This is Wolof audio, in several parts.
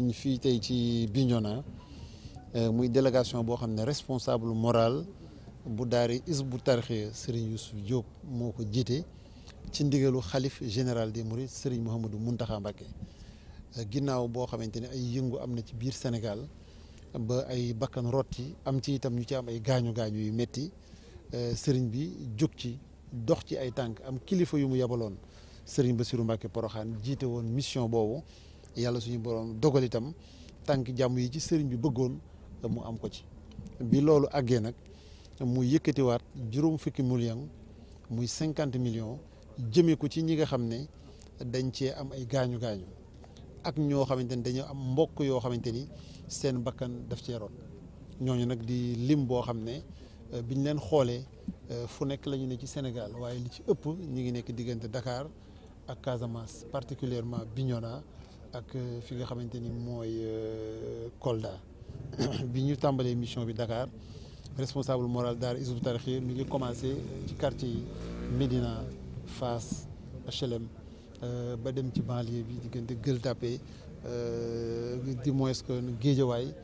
ñu fii tey ci Bignona euh, muy délégation boo xam ne responsable moral bu daari Hizbut Tarqiyyah Serigne Youssouf Diop moo ko jiite ci ndigalu xalif général des Mourides Serigne mun Mountakha Mbacké euh, ginnaaw boo xamante ne ay yëngu am na ci biir Sénégal ba ay bakkan rotti am ci itam ñu ci am ay gaañu gaañu yu métti euh, Serigne bi jóg ci dox ci ay tànk am kilifa yu mu yebaloon yabaloon Serigne Bassirou Mbacké Porokhane jiite woon mission boobu. yàlla suñu borom dogal itam tànk jàmm yi ci sëriñ bi bëggoon mu am ko ci bi loolu àggee nag muy yëkkatiwaat juróom fukki million muy cinquante millions jëmee ko ci ñi nga xam ne dañ cee am ay gaañu gaañu ak ñoo xamante ni dañoo am mbokk yoo xamante ni seen bakkan def cee ñooñu nag di lim boo xam ne euh, biñ leen xoolee euh, fu nekk lañu ñu ne ci Sénégal waaye li ci ëpp ñu ngi nekk diggante Dakar ak Casamance particulièrement Bignona ak euh, fi nga xamante ni mooy euh, Kolda bi ñu tàmbalee mission bi dakaar responsable moral daara Hizbut Tarqiyyah mi ngi commencé euh, ci quartier yi Médina Fass HLM ba dem ci banlieue bi diggante Gueule Tapée di moins que Guédiawaye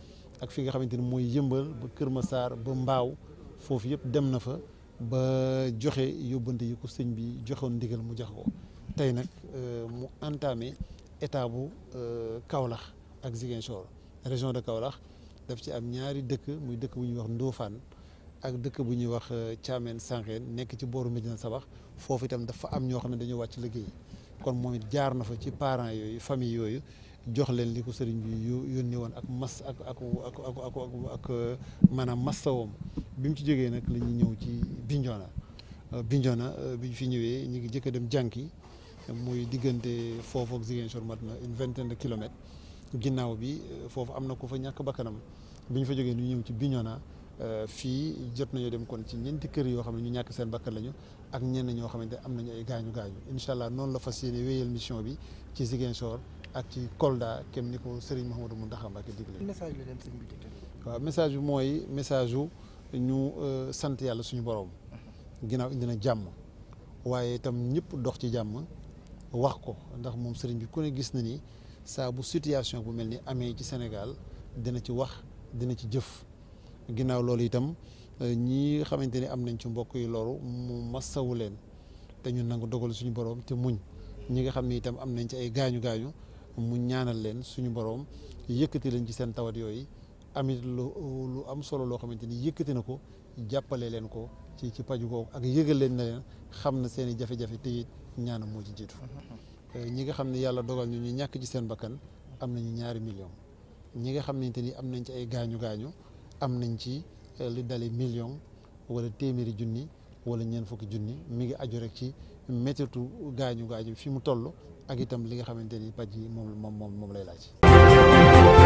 ak fi nga xamante ni mooy Yëmbal ba Kër Massar ba Mbaaw foofu yëpp dem na fa ba joxe yóbbante yi ko sëñ bi joxoon ndigal mu jax ko tey nag mu entamé état bu euh, Kaolack ak Ziguinchor région de Kaolack daf ci am ñaari dëkk muy dëkk bu ñuy wax Ndofane ak dëkk bu ñuy wax euh, Thiamène Sankhène nekk ci booru Médina Sabax foofu itam dafa am ñoo xam ne dañoo wàcc liggéey kon moom it jaar na fa ci parent yooyu famille yooyu jox leen li ko sëriñ bi yónni woon ak mas ak ak ak ak ak euh, maanaam masawoom bi mu ci jegee nag la ñuy ñëw ci Bignona Bignona bi ñu fi ñëwee ñu ngi jëkk a dem jànki muy diggante foofu ak Ziguinchor mat na une vingtaine de kilomètres ginnaaw bi euh, foofu am na ko fa ñàkk bakkanam bi ñu fa jógee ni ñëw ci Bignona euh, fii jot nañoo dem kon ci ñeenti kër yoo xam ne ñu ñàkk seen bakkan lañu ak ñenn ñoo xamante am nañu ay gaañu gaañu incha noonu la fas yéene wéyal mission bi ci Ziguinchor ak ci Kolda kem ni ko Serigne Mouhamadou Mountakha Mbacké digle. message la dem sëñ bi waaw message bi mooy message yu ñu euh, sant yàlla suñu borom. ginnaaw indi na jàmm waaye itam ñëpp dox ci jàmm. wax ko ndax moom sëriñ bi ku ne gis na ni saa bu situation bu mel ni amee ci Sénégal dina ci wax dina ci jëf ginnaaw loolu itam euh, ñi xamante ni am nañ ci mbokk yi loolu mu massawu leen te ñu nangu dogal suñu borom te muñ ñi nga xam ne itam am nañ ci ay gaañu gaañu mu ñaanal leen suñu borom yëkkati leen ci seen tawat yooyu amit lu lu am solo loo xamante ni yëkkati na ko jàppale leen ko ci ci paju googu ak yëgal leen na leen xam na seen i jafe-jafe te it ñaanam moo ci jiitu euh, ñi nga xam ne yàlla dogal ñu ñu ñàkk ci seen bakkan am nañu ñaari million ñi nga xamante ni am nañ ci ay gaañu gaañu am nañ ci euh, li dale million wala téeméeri junni wala ñeent fukki junni mi ngi aju rek ci méttitu gaañu gaañu fi mu toll ak itam li nga xamante ni paj yi moom moom moom lay laaj